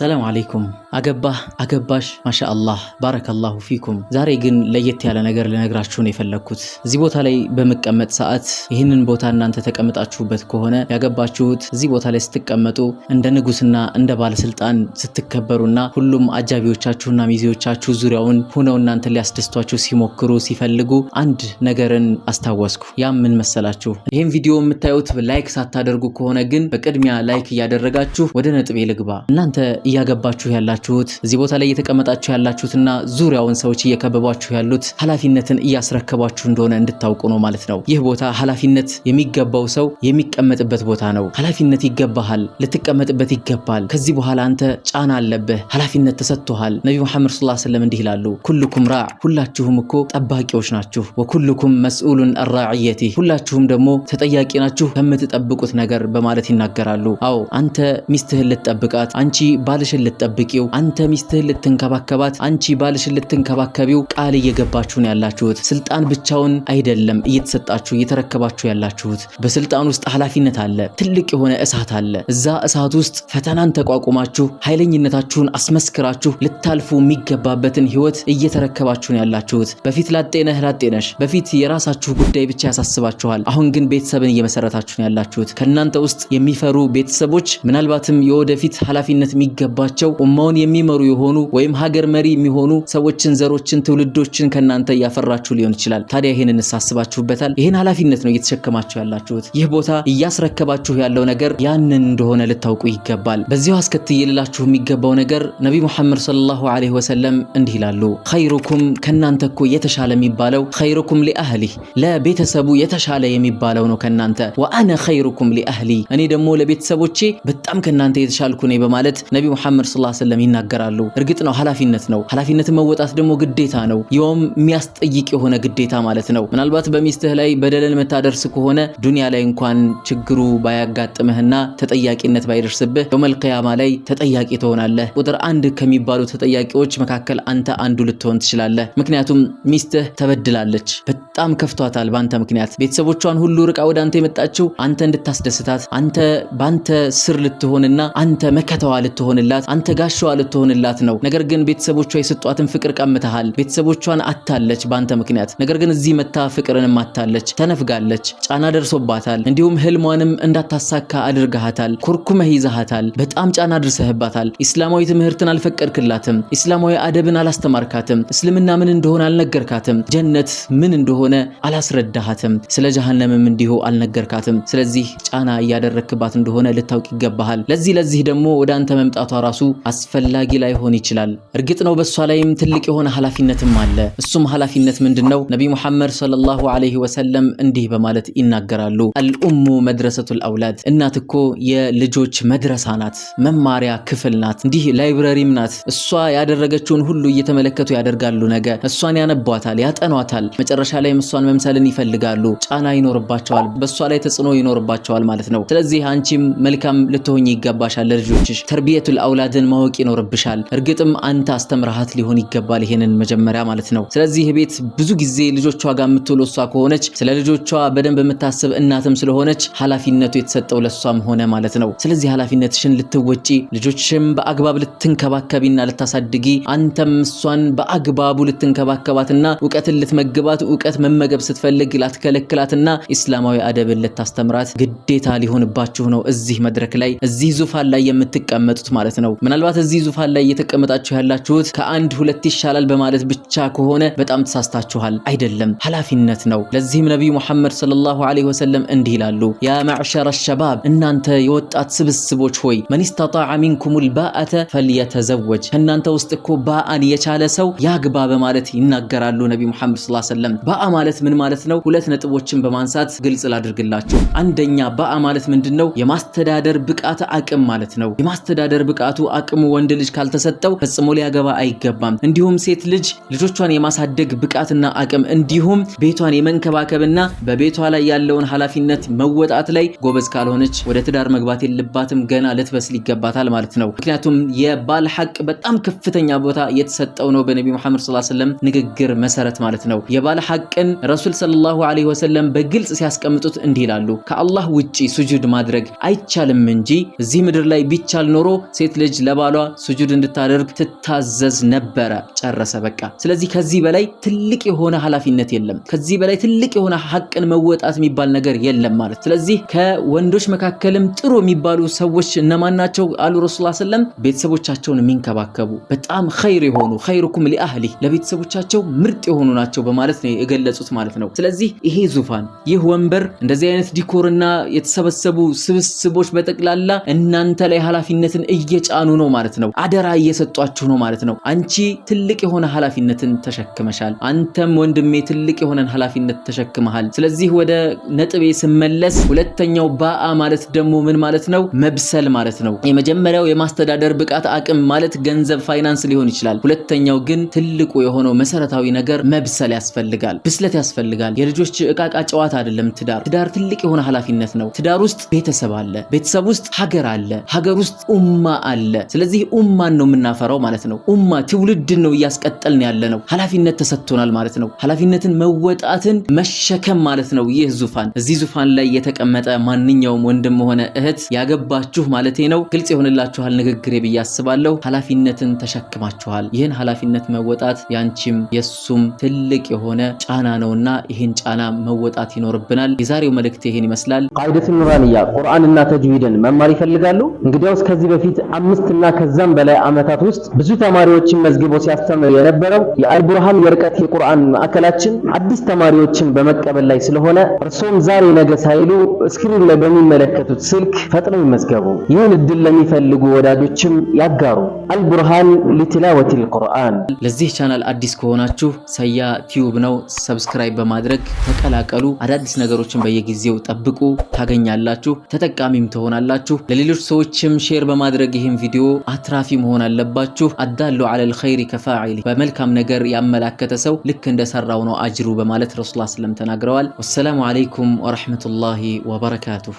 ሰላም አለይኩም አገባህ አገባሽ ማሻአላህ ባረከላሁ ፊኩም። ዛሬ ግን ለየት ያለ ነገር ልነግራችሁ ነው የፈለግኩት። እዚህ ቦታ ላይ በምቀመጥ ሰዓት ይህንን ቦታ እናንተ ተቀምጣችሁበት ከሆነ ያገባችሁት እዚህ ቦታ ላይ ስትቀመጡ እንደ ንጉስና እንደ ባለስልጣን ስትከበሩና ሁሉም አጃቢዎቻችሁና ሚዜዎቻችሁ ዙሪያውን ሁነው እናንተ ሊያስደስቷችሁ ሲሞክሩ ሲፈልጉ አንድ ነገርን አስታወስኩ። ያም ምን መሰላችሁ? ይህን ቪዲዮ የምታዩት ላይክ ሳታደርጉ ከሆነ ግን በቅድሚያ ላይክ እያደረጋችሁ ወደ ነጥቤ ልግባ እናንተ እያገባችሁ ያላችሁት እዚህ ቦታ ላይ እየተቀመጣችሁ ያላችሁትና ዙሪያውን ሰዎች እየከበቧችሁ ያሉት ኃላፊነትን እያስረከቧችሁ እንደሆነ እንድታውቁ ነው ማለት ነው። ይህ ቦታ ኃላፊነት የሚገባው ሰው የሚቀመጥበት ቦታ ነው። ኃላፊነት ይገባሃል፣ ልትቀመጥበት ይገባል። ከዚህ በኋላ አንተ ጫና አለብህ፣ ኃላፊነት ተሰጥቶሃል። ነቢዩ መሐመድ ስ ዐለይሂ እንዲህ ይላሉ፣ ኩልኩም ራዕ፣ ሁላችሁም እኮ ጠባቂዎች ናችሁ። ወኩልኩም መስኡሉን አራዕየቲ፣ ሁላችሁም ደግሞ ተጠያቂ ናችሁ ከምትጠብቁት ነገር በማለት ይናገራሉ። አዎ አንተ ሚስትህን ልትጠብቃት፣ አንቺ ባ ባልሽን ልትጠብቂው፣ አንተ ሚስትህን ልትንከባከባት፣ አንቺ ባልሽን ልትንከባከቢው ቃል እየገባችሁ ነው ያላችሁት። ስልጣን ብቻውን አይደለም እየተሰጣችሁ እየተረከባችሁ ያላችሁት። በስልጣን ውስጥ ኃላፊነት አለ፣ ትልቅ የሆነ እሳት አለ። እዛ እሳት ውስጥ ፈተናን ተቋቁማችሁ ኃይለኝነታችሁን አስመስክራችሁ ልታልፉ የሚገባበትን ህይወት እየተረከባችሁ ነው ያላችሁት። በፊት ላጤነህ ላጤነሽ በፊት የራሳችሁ ጉዳይ ብቻ ያሳስባችኋል። አሁን ግን ቤተሰብን እየመሰረታችሁ ነው ያላችሁት። ከእናንተ ውስጥ የሚፈሩ ቤተሰቦች ምናልባትም የወደፊት ኃላፊነት የሚገባቸው ኡማውን የሚመሩ የሆኑ ወይም ሀገር መሪ የሚሆኑ ሰዎችን፣ ዘሮችን፣ ትውልዶችን ከእናንተ እያፈራችሁ ሊሆን ይችላል። ታዲያ ይህንን አስባችሁበታል? ይህን ኃላፊነት ነው እየተሸከማችሁ ያላችሁት። ይህ ቦታ እያስረከባችሁ ያለው ነገር ያንን እንደሆነ ልታውቁ ይገባል። በዚሁ አስከትዬ ልላችሁ የሚገባው ነገር ነቢዩ ሙሐመድ ሰለላሁ ዐለይሂ ወሰለም እንዲህ ይላሉ፣ ኸይሩኩም ከእናንተ እኮ የተሻለ የሚባለው ኸይሩኩም ሊአህሊህ ለቤተሰቡ የተሻለ የሚባለው ነው ከእናንተ ወአነ ኸይሩኩም ሊአህሊ እኔ ደግሞ ለቤተሰቦቼ በጣም ከእናንተ የተሻልኩ ነኝ በማለት ነቢ ነቢዩ መሐመድ ሰለላሁ ዐለይሂ ይናገራሉ። እርግጥ ነው ኃላፊነት ነው። ኃላፊነትን መወጣት ደግሞ ግዴታ ነው። ይኸውም የሚያስጠይቅ የሆነ ግዴታ ማለት ነው። ምናልባት በሚስትህ ላይ በደልን የምታደርስ ከሆነ ዱንያ ላይ እንኳን ችግሩ ባያጋጥምህና ተጠያቂነት ባይደርስብህ የውመል ቂያማ ላይ ተጠያቂ ትሆናለህ። ቁጥር አንድ ከሚባሉ ተጠያቂዎች መካከል አንተ አንዱ ልትሆን ትችላለህ። ምክንያቱም ሚስትህ ተበድላለች፣ በጣም ከፍቷታል በአንተ ምክንያት። ቤተሰቦቿን ሁሉ ርቃ ወደ አንተ የመጣችው አንተ እንድታስደስታት፣ አንተ በአንተ ስር ልትሆንና አንተ መከተዋ ልትሆን ልትሆንላት አንተ ጋሻዋ ልትሆንላት ነው። ነገር ግን ቤተሰቦቿ የሰጧትን ፍቅር ቀምተሃል። ቤተሰቦቿን አታለች በአንተ ምክንያት። ነገር ግን እዚህ መታ ፍቅርንም አታለች፣ ተነፍጋለች፣ ጫና ደርሶባታል። እንዲሁም ህልሟንም እንዳታሳካ አድርገሃታል፣ ኮርኩመህ ይዛሃታል። በጣም ጫና አድርሰህባታል። ኢስላማዊ ትምህርትን አልፈቀድክላትም። ኢስላማዊ አደብን አላስተማርካትም። እስልምና ምን እንደሆነ አልነገርካትም። ጀነት ምን እንደሆነ አላስረዳሃትም። ስለ ጀሃነምም እንዲሁ አልነገርካትም። ስለዚህ ጫና እያደረክባት እንደሆነ ልታውቅ ይገባሃል። ለዚህ ለዚህ ደግሞ ወደ አንተ መምጣቱ መውጣቷ ራሱ አስፈላጊ ላይሆን ይችላል። እርግጥ ነው በእሷ ላይም ትልቅ የሆነ ኃላፊነትም አለ። እሱም ኃላፊነት ምንድን ነው? ነቢ ሙሐመድ ሰለላሁ ዐለይሂ ወሰለም እንዲህ በማለት ይናገራሉ። አልኡሙ መድረሰቱል አውላድ፣ እናት እኮ የልጆች መድረሳ ናት፣ መማሪያ ክፍል ናት፣ እንዲህ ላይብረሪም ናት። እሷ ያደረገችውን ሁሉ እየተመለከቱ ያደርጋሉ። ነገ እሷን ያነቧታል፣ ያጠኗታል። መጨረሻ ላይ እሷን መምሰልን ይፈልጋሉ። ጫና ይኖርባቸዋል፣ በእሷ ላይ ተጽዕኖ ይኖርባቸዋል ማለት ነው። ስለዚህ አንቺም መልካም ልትሆኝ ይገባሻል። ለልጆችሽ ተርቢየቱል አውላድን ማወቅ ይኖርብሻል። እርግጥም አንተ አስተምርሃት ሊሆን ይገባል ይሄንን መጀመሪያ ማለት ነው። ስለዚህ ቤት ብዙ ጊዜ ልጆቿ ጋር የምትውል እሷ ከሆነች ስለ ልጆቿ በደንብ የምታስብ እናትም ስለሆነች ኃላፊነቱ የተሰጠው ለእሷም ሆነ ማለት ነው። ስለዚህ ኃላፊነትሽን ልትወጪ ልጆችም በአግባብ ልትንከባከቢና ልታሳድጊ አንተም እሷን በአግባቡ ልትንከባከባትና እውቀትን ልትመግባት እውቀት መመገብ ስትፈልግ ላትከለክላትና ኢስላማዊ አደብን ልታስተምራት ግዴታ ሊሆንባችሁ ነው እዚህ መድረክ ላይ እዚህ ዙፋን ላይ የምትቀመጡት ማለት ነው። ማለት ነው። ምናልባት እዚህ ዙፋን ላይ እየተቀመጣችሁ ያላችሁት ከአንድ ሁለት ይሻላል በማለት ብቻ ከሆነ በጣም ተሳስታችኋል። አይደለም፣ ኃላፊነት ነው። ለዚህም ነቢዩ ሙሐመድ ሰለላሁ ዐለይሂ ወሰለም እንዲህ ይላሉ፣ ያ ማዕሸረ ሸባብ፣ እናንተ የወጣት ስብስቦች ሆይ መን ስተጣዐ ሚንኩሙል ባአተ ፈልየተዘወጅ፣ ከእናንተ ውስጥ እኮ ባአን የቻለ ሰው ያግባ በማለት ይናገራሉ ነቢ ሙሐመድ ሰለላሁ ዐለይሂ ወሰለም። ባአ ማለት ምን ማለት ነው? ሁለት ነጥቦችን በማንሳት ግልጽ ላድርግላችሁ። አንደኛ ባአ ማለት ምንድን ነው? የማስተዳደር ብቃት አቅም ማለት ነው። የማስተዳደር ብቃቱ፣ አቅሙ ወንድ ልጅ ካልተሰጠው ፈጽሞ ሊያገባ አይገባም። እንዲሁም ሴት ልጅ ልጆቿን የማሳደግ ብቃትና አቅም እንዲሁም ቤቷን የመንከባከብና በቤቷ ላይ ያለውን ኃላፊነት መወጣት ላይ ጎበዝ ካልሆነች ወደ ትዳር መግባት የለባትም። ገና ልትበስል ይገባታል ማለት ነው። ምክንያቱም የባል ሐቅ በጣም ከፍተኛ ቦታ የተሰጠው ነው በነቢ መሐመድ ሰለላሁ ዐለይሂ ወሰለም ንግግር መሰረት ማለት ነው። የባል ሐቅን ረሱል ሰለላሁ ዐለይሂ ወሰለም በግልጽ ሲያስቀምጡት እንዲህ ይላሉ፣ ከአላህ ውጪ ሱጁድ ማድረግ አይቻልም እንጂ እዚህ ምድር ላይ ቢቻል ኖሮ ሴት ሴት ልጅ ለባሏ ስጁድ እንድታደርግ ትታዘዝ ነበረ። ጨረሰ በቃ። ስለዚህ ከዚህ በላይ ትልቅ የሆነ ኃላፊነት የለም። ከዚህ በላይ ትልቅ የሆነ ሀቅን መወጣት የሚባል ነገር የለም ማለት። ስለዚህ ከወንዶች መካከልም ጥሩ የሚባሉ ሰዎች እነማን ናቸው አሉ ረሱል ሰለም ቤተሰቦቻቸውን የሚንከባከቡ በጣም ኸይር የሆኑ ኸይሩኩም ሊአህሊ ለቤተሰቦቻቸው ምርጥ የሆኑ ናቸው በማለት ነው የገለጹት ማለት ነው። ስለዚህ ይሄ ዙፋን ይህ ወንበር እንደዚህ አይነት ዲኮርና የተሰበሰቡ ስብስቦች በጠቅላላ እናንተ ላይ ኃላፊነትን እየጫኑ ነው ማለት ነው። አደራ እየሰጧችሁ ነው ማለት ነው። አንቺ ትልቅ የሆነ ኃላፊነትን ተሸክመሻል። አንተም ወንድሜ ትልቅ የሆነን ኃላፊነት ተሸክመሃል። ስለዚህ ወደ ነጥቤ ስመለስ ሁለተኛው ባአ ማለት ደግሞ ምን ማለት ነው? መብሰል ማለት ነው። የመጀመሪያው የማስተዳደር ብቃት አቅም ማለት ገንዘብ፣ ፋይናንስ ሊሆን ይችላል። ሁለተኛው ግን ትልቁ የሆነው መሰረታዊ ነገር መብሰል ያስፈልጋል፣ ብስለት ያስፈልጋል። የልጆች እቃቃ ጨዋታ አይደለም ትዳር። ትዳር ትልቅ የሆነ ኃላፊነት ነው። ትዳር ውስጥ ቤተሰብ አለ፣ ቤተሰብ ውስጥ ሀገር አለ፣ ሀገር ውስጥ ኡማ አለ። ስለዚህ ኡማን ነው የምናፈራው ማለት ነው። ኡማ ትውልድን ነው እያስቀጠልን ያለ ነው። ኃላፊነት ተሰጥቶናል ማለት ነው። ኃላፊነትን መወጣትን መሸከም ማለት ነው። ይህ ዙፋን እዚህ ዙፋን ላይ የተቀመጠ ማንኛውም ወንድም ሆነ እህት ያገባችሁ ማለት ነው ግልጽ ይሆንላችኋል ንግግሬ ብዬ አስባለሁ። ኃላፊነትን ተሸክማችኋል። ይህን ኃላፊነት መወጣት ያንቺም የሱም ትልቅ የሆነ ጫና ነውና ይህን ጫና መወጣት ይኖርብናል። የዛሬው መልእክት ይህን ይመስላል። ቃይደቱን ኑራንያ ቁርአንና ተጅዊድን መማር ይፈልጋሉ? እንግዲያውስ ከዚህ በፊት አምስት እና ከዛም በላይ ዓመታት ውስጥ ብዙ ተማሪዎችን መዝግቦ ሲያስተምር የነበረው የአልቡርሃን የርቀት የቁርአን ማዕከላችን አዲስ ተማሪዎችን በመቀበል ላይ ስለሆነ እርሶም ዛሬ ነገ ሳይሉ ስክሪን ላይ በሚመለከቱት ስልክ ፈጥነው ይመዝገቡ። ይህን እድል ለሚፈልጉ ወዳጆችም ያጋሩ። አልቡርሃን ሊትላወቲል ቁርአን። ለዚህ ቻናል አዲስ ከሆናችሁ ሰያ ቲዩብ ነው፣ ሰብስክራይብ በማድረግ ተቀላቀሉ። አዳዲስ ነገሮችን በየጊዜው ጠብቁ፣ ታገኛላችሁ፣ ተጠቃሚም ትሆናላችሁ። ለሌሎች ሰዎችም ሼር በማድረግ ይህም ቪዲዮ አትራፊ መሆን አለባችሁ። አዳሉ አለል ኸይሪ ከፋዒሊ በመልካም ነገር ያመላከተ ሰው ልክ እንደሰራው ነው አጅሩ በማለት ረሱላ ሰለም ተናግረዋል። ወሰላሙ አለይኩም ወረሕመቱላሂ ወበረካቱሁ።